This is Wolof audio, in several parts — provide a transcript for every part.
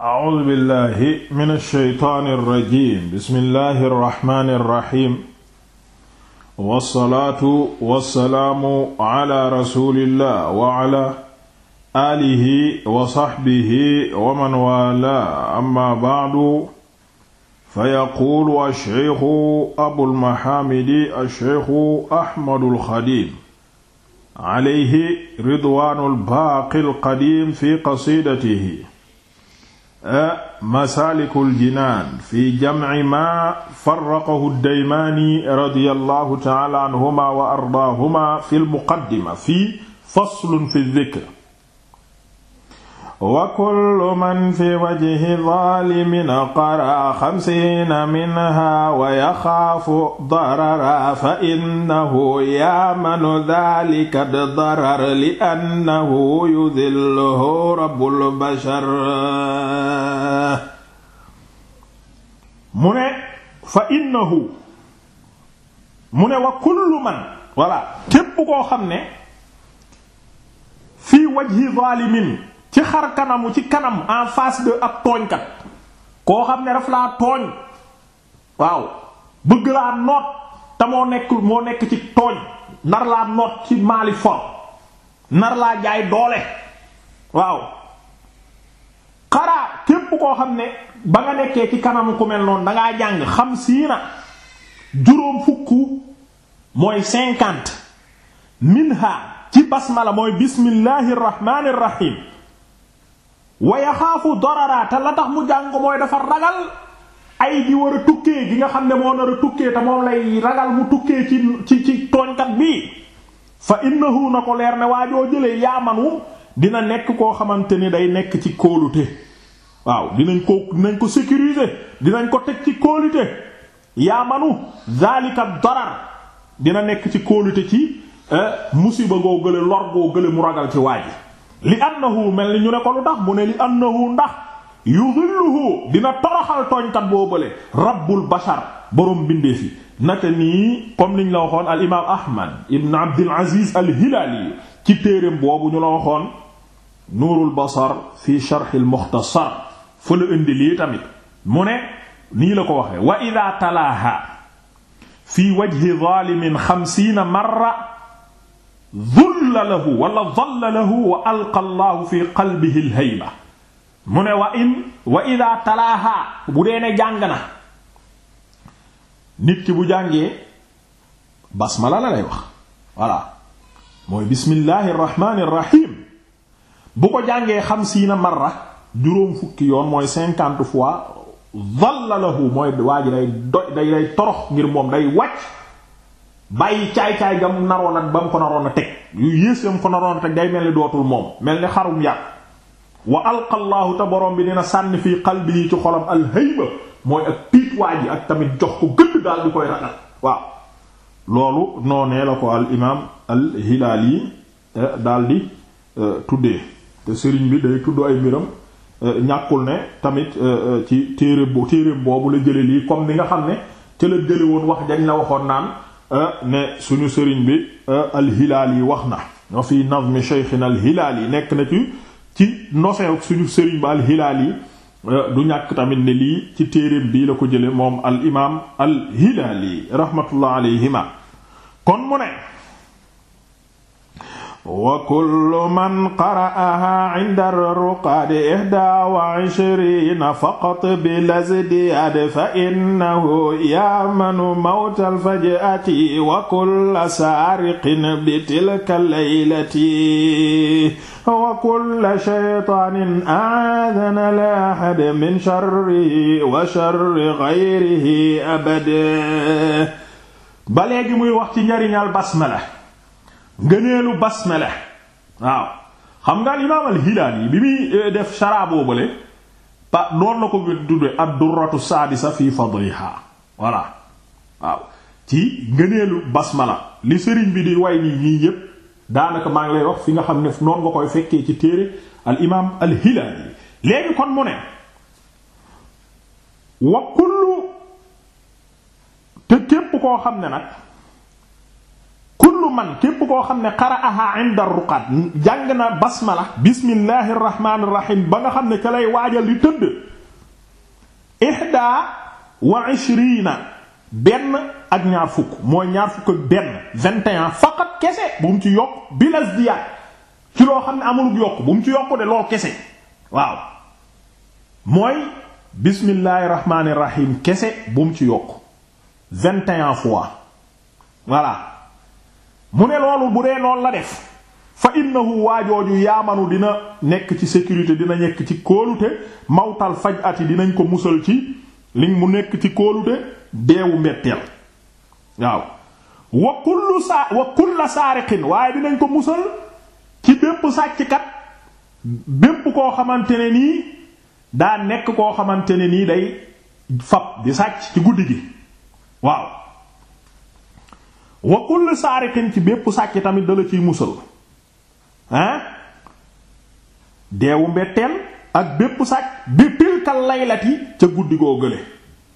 A'uuzu billaahi mina shaytaani rajiim bismillaahi rahmaani rahiim. Wassalaatu wassalaamu ala rasuulillaah wa ala aalihi wa sahbihi wa man waalaahu amma ba'du. Fayaquulu ash-shaykhu abul mahaamidi ash-shaykhu Ahmadul Xadiim. Alayhi ridwaanul baaqil qadiim fi qasiidatihi. Ah, masaalikul jinaan fi jam'i maa farraqahu ad-Daymaani radiyallahu ta'ala anhumaa wa ardaahuma fil muqaddima fii faslun fi dhikr wa kullu man fi wajhi zalimin qara xamsiina minha wa yaxaafu darara fa innahu yaamanu dalika darar li annahu yudilluhu rabbul bashar mu ne fa innahu mu ne wa kullu man voilà képp koo xam ne fii wajhi zalimin ci xar kanamu ci kanam en face de ab tooñkat koo xam ne daf laa tooñ waaw bëgg laa noot te moo nekk moo nekk ci tooñ nar laa noot ci maali for nar laa jaay doole waaw xaraa képp koo xam ne ba nga nekkee ci kanamu ku mel noonu dangaa jàng xam siina juróom fukk mooy cinquante minha ci basmala mooy bismillahir rahmanir waaye xaafu dorara la tax mu jàng mooy dafa ragal ay gi war a tukkee gi nga xam ne moo nar tukkee te moom lay ragal mu tukkee ci ci ci tooñkat bi fa innahu na ko leer ne waa joo jëlee yaamanu dina nekk koo xamante ni day nekk ci kóolute waaw dinañ ko dinañ ko sécuriser dinañ ko teg ci kóolute yaamanu zalika darar dina nekk ci kóolute ci eh, musiba goo gële lor goo gële mu ragal ci waa ji li annahu mel ni ñu ne ko lu tax mu ne li annahu ndax yudilluhu dina toroxal tooñkat boobale rabbul bashar borom bindeef yi naka nii comme niñ la waxoon al imaam ahmad ibn abdul al hilaali ci téereem boobu ñu la waxoon nuurul basar fi sharh al mukhtasar fa la indi lii tamit mu ne nii la ko waxee wa idha talaaha fi wajhi zalimin xamsiina marra dulla lahu wala dalla lahu wa alqa llahu fi qalbihi lhayba mu ne wa in wa ida talaahaa bu dee ne jàng na nit ki bu jàngee basmala la lay wax voilà mooy bismillahi irrahmani irrahim bu ko jàngee xamsiina marra juróom fukki yoon mooy cinquante fois dalla day torox ngir moom day wàcc bàyyi caay-caay ga mu naroon a ba ko naroon a teg yu yées yam ko naroon a teg day mel ni dootul moom mel ni xarum yàq wa alqa borom bi dina sànni fii qalbi ci xolam alhayba mooy ak piit waa ji ak tamit jox ko gëdd daal di koy ragal waaw loolu noonee la ko al imaam al hilaali eh, daal di eh, tuddee te sëriñ bi day tudd ay mbiram eh, ñàkkul ne tamit ci téere bo téere boobu la jële lii comme ni nga xam ne ca la jële woon wax dañ la waxoon naan Euh, ne suñu sëriñ bi euh, alhilaal yi wax na wa fi nazmi sheykhina alhilaal yi nekk na ci ci nosew suñu sëriñ ba alhilaal yi euh, du ñàkk tamit ne lii ci téereem bii la ko jële moom al imaam alhilaal yi rahmatullah alayhima kon mu ne wa kullu man qara'aha 'inda ar-ruqadi ihda wa 'ishrina faqat bi lazdiyad fa innahu ya'manu mawta al-faj'ati wa kulla sariqin bi tilka al-laylati wa kulla shaytanin a'adana la ahad min sharrihi wa sharri ghayrihi abada ba léegi muy wax ci njariñal basmala ngëneelu basmele waaw xam nga al imaam al hilaali bi muy euh, def sharaa boobale pa noonu la ko ngi tudde ad-durratu saadisa fi fadliha voilà waaw ci ngëneelu basmala li sëriñ bi di way nii ñii yépp daanaka maa ngi lay wax fi nga xam ne noonu nga koy fekkee ci téere al imaam al hilaali léegi kon mu ne wa kullu te képp koo xam ne nag kullu man képp koo xam ne qara'aha 'inda ruqad jàng na basmala bismillahir rahmanir rahim ba nga xam ne ca lay waajal li tëdd ihda wa benn ak ñaar fukk mooy ñaar fukk ak benn faqat kese bu mu ci yokk bilas diyaat ci loo xam ne amul yokk bu mu ci yokk de loo kese waaw mooy bismillahir rahmanir rahim kese bu mu ci yokk vingt mu ne loolu bu dee noonu la def fa innahu waajooju yaamanu dina nekk ci sécurité dina nekk ci kóolute mawtal faj at yi dinañ ko musal ci li mu nekk ci kóolute deewu mbetteel waaw wa kullu sa wa kulla saariqin waaye dinañ ko musal ci bépp sàcckat bépp koo xamante ne nii daa nekk koo xamante ne nii day fab di sàcc ci guddi gi waaw wa la saariqin ci bépp sàcc tamit dala ciy musal ah deewu mbetteel ak bépp sàcc bi tilkal laylati ca guddi goo gële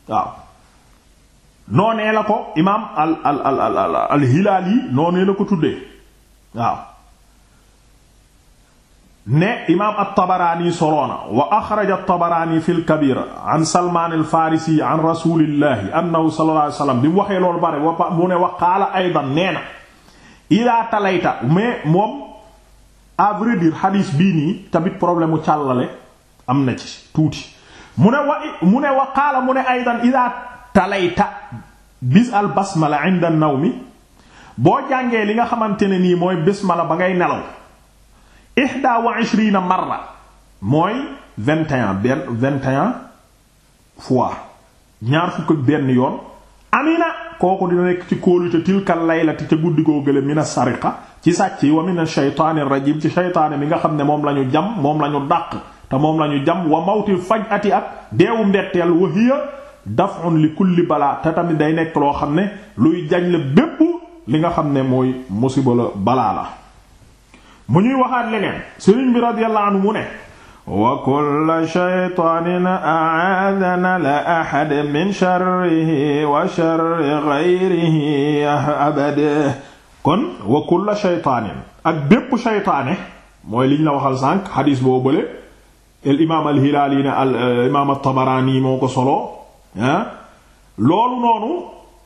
waaw noonee la ko imaam al al al al al hilaal yi noonee la ko tuddee waaw ne imaam at-Tabaraani soloona wa axraja at-Tabaraani fi al-Kabiir an Salmaan al-Faarisi an rasuulillaahi annahu sallallaahu alayhi wa bi waxee loolu bare wa mu ne wa qaala aydan nee na idaa talayta mais moom à vrai dire xadiis bii nii tamit problème mu càllale am na ci tuuti mu ne wa mu ne wa qaala mu ne aydan idaa talayta bis al basmala inda an-nawmi boo jàngee li nga xamante ne nii mooy basmala ba ngay nelaw ihda wa ishrina marra mooy vingt et un benn vingt et un fois ñaar fukk ak benn yoon amina kooku dina nekk ci kóolute tilkal laylati ca guddi goo gële mina sariqa ci sàcc yi wa mina shaytaani rajim ci shaytaani mi nga xam ne moom la ñu jam moom la ñu dàq te moom la ñu jam wa mawti faj'ati ak deewu mbetteel wa hiya daf'un li kulli balaa te tamit day nekk loo xam ne luy jañ la bépp li nga xam ne mooy musiba la balaa la mu ñuy waxaat leneen sëriñ bi radiyallahu anhu mu ne wa kulla shaytaanin a'aadana la ahad min sharrihi wa sharri ghayrihi abada kon wa kulla shaytaanin ak bépp shaytaane mooy liñ la waxal sànq xadiis boo bële al imaam al hilaali ne al eh, imaam al tabaraani moo ko solo ah loolu noonu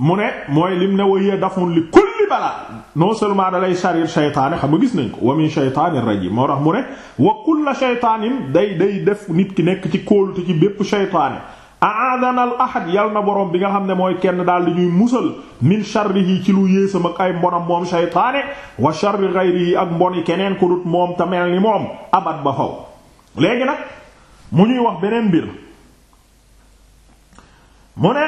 mu ne mooy lim ne wa hiya dafun li kull balaa non seulement dalay sarir shaytaane xam nga gis nañ ko wa min shaytaanir rajiim moo tax mu ne wa kulla shaytaanin day day def nit ki nekk ci kóolute ci bépp shaytaane aadana al yal na borom bi nga xam ne mooy kenn daal di ñuy musal min sharrihi ci lu yéesam ak ay mbonam moom shaytaane wa sharri ghayrihi ak mboni keneen ku moom te mel ni moom abat ba faw léegi nag mu ñuy wax beneen mbir mu ne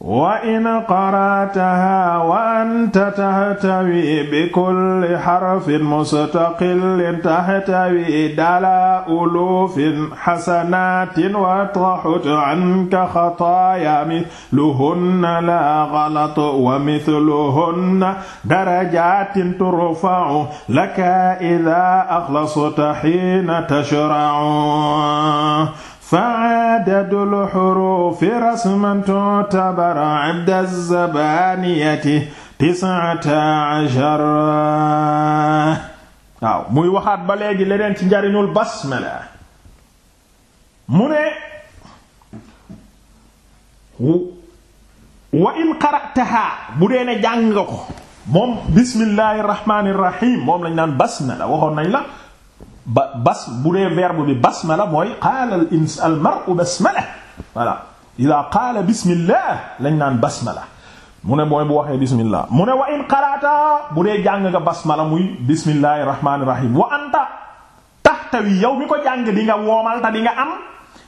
wa in qara'taha wa anta tahtawi bi kulli harfin mustaqillin tahtawi dala ulufin hasanatin wa tahut anka khataaya mithluhunna la ghalat wa mithluhunna darajatin turfa'u laka idha akhlasta hina tashra'u fa'adadul xuruufi rasman tu'tabar 'abda zabaaniyati tis'ata 'ashara waaw muy waxaat ba léegi leneen ci njariñul basmala mu ne wa in qara'taha bu dee ne jàng nga ko moom bismillahir rahmanir rahim moom lañ naan basmala waxoon nañ la ba bas bu dee verbe bi basmala mooy qaala al ins al mar'u basmala voilà ida qaala bismillah lañ naan basmala mu ne mooy bu waxee bismillah mu ne wa in qaraata bu dee jàng nga basmala muy bismillahir rahmanir rahim wa anta tahtawi yow mi ko jàng di nga woomal ta nga am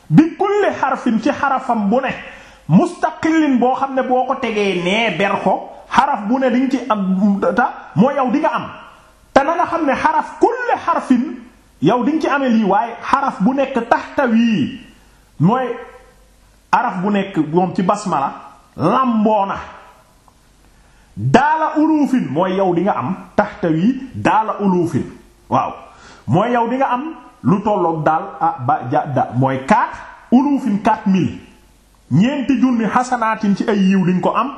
bi kulli xarfin ci xarafam bu ne mustaqillin boo xam ne boo ko tegee nee ber ko xaraf bu ne di ci am ta moo yow di nga am te na xam ne xaraf kulli xarfin yow di nga ci amee lii waaye xaraf bu nekk taxtawi mooy araf bu nekk moom ci basmala lamboona daala ulufin mooy yow di nga am taxtawi daala ulufin waaw mooy yow di nga am lu tolloog daal ah ba ja da mooy quatre ulufin quatre mille ñeenti junni xasanaatin ci ay yiw di ko am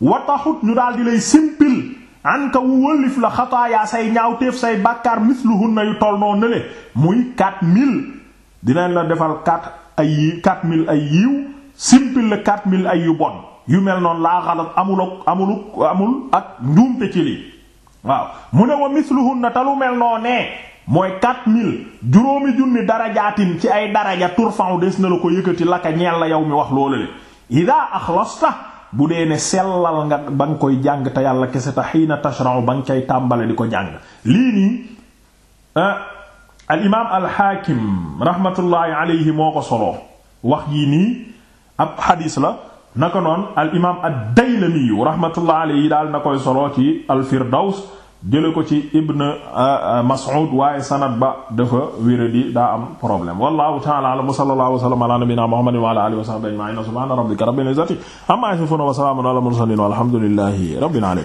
wataxut ñu daal lay simpil an ka wu wëllif la xataayaa say ñaawteef say bàkkaar misluhunna yu toll noo nele muy 4000 dinañ la defal 4 ay yi 4000 ay yiw simple la 4000 ay yu bon yu mel noon laa xalat amul amul ak njuumte ci lii waaw mu ne wa misluhunna te lu mel noo ne mooy 4000 juróomi junni darajaatin ci ay daraja turfan des na la ko yëkkati laka ñeel la yow mi wax loolu le ida axlasta bu dee ne sellal nga ba nga koy jàng te yàlla kese te xiina tashra'u ba nga koy tàmbale di ko jàng lii nii ah, al imaam al xaakim raxmatullaahi moo ko solo wax jii nii ab xadiis la naka noon al imaam ad-Daylami raxmatullaahi alayhi daal na koy soloo ci al Firdaws jële ko ci ibn euh, euh, Mas'ud waaye sanad ba dafa wéradi daa am problème wallahu ta'ala a'lam sallallahu alayhi wa sallam ala nabiyyina Muhammadin wa ala alihi wa sahbihi ajma'in subhana rabbika rabbil izzati amma yasifun wa salamun ala mursalin walhamdulillahi rabbil alamin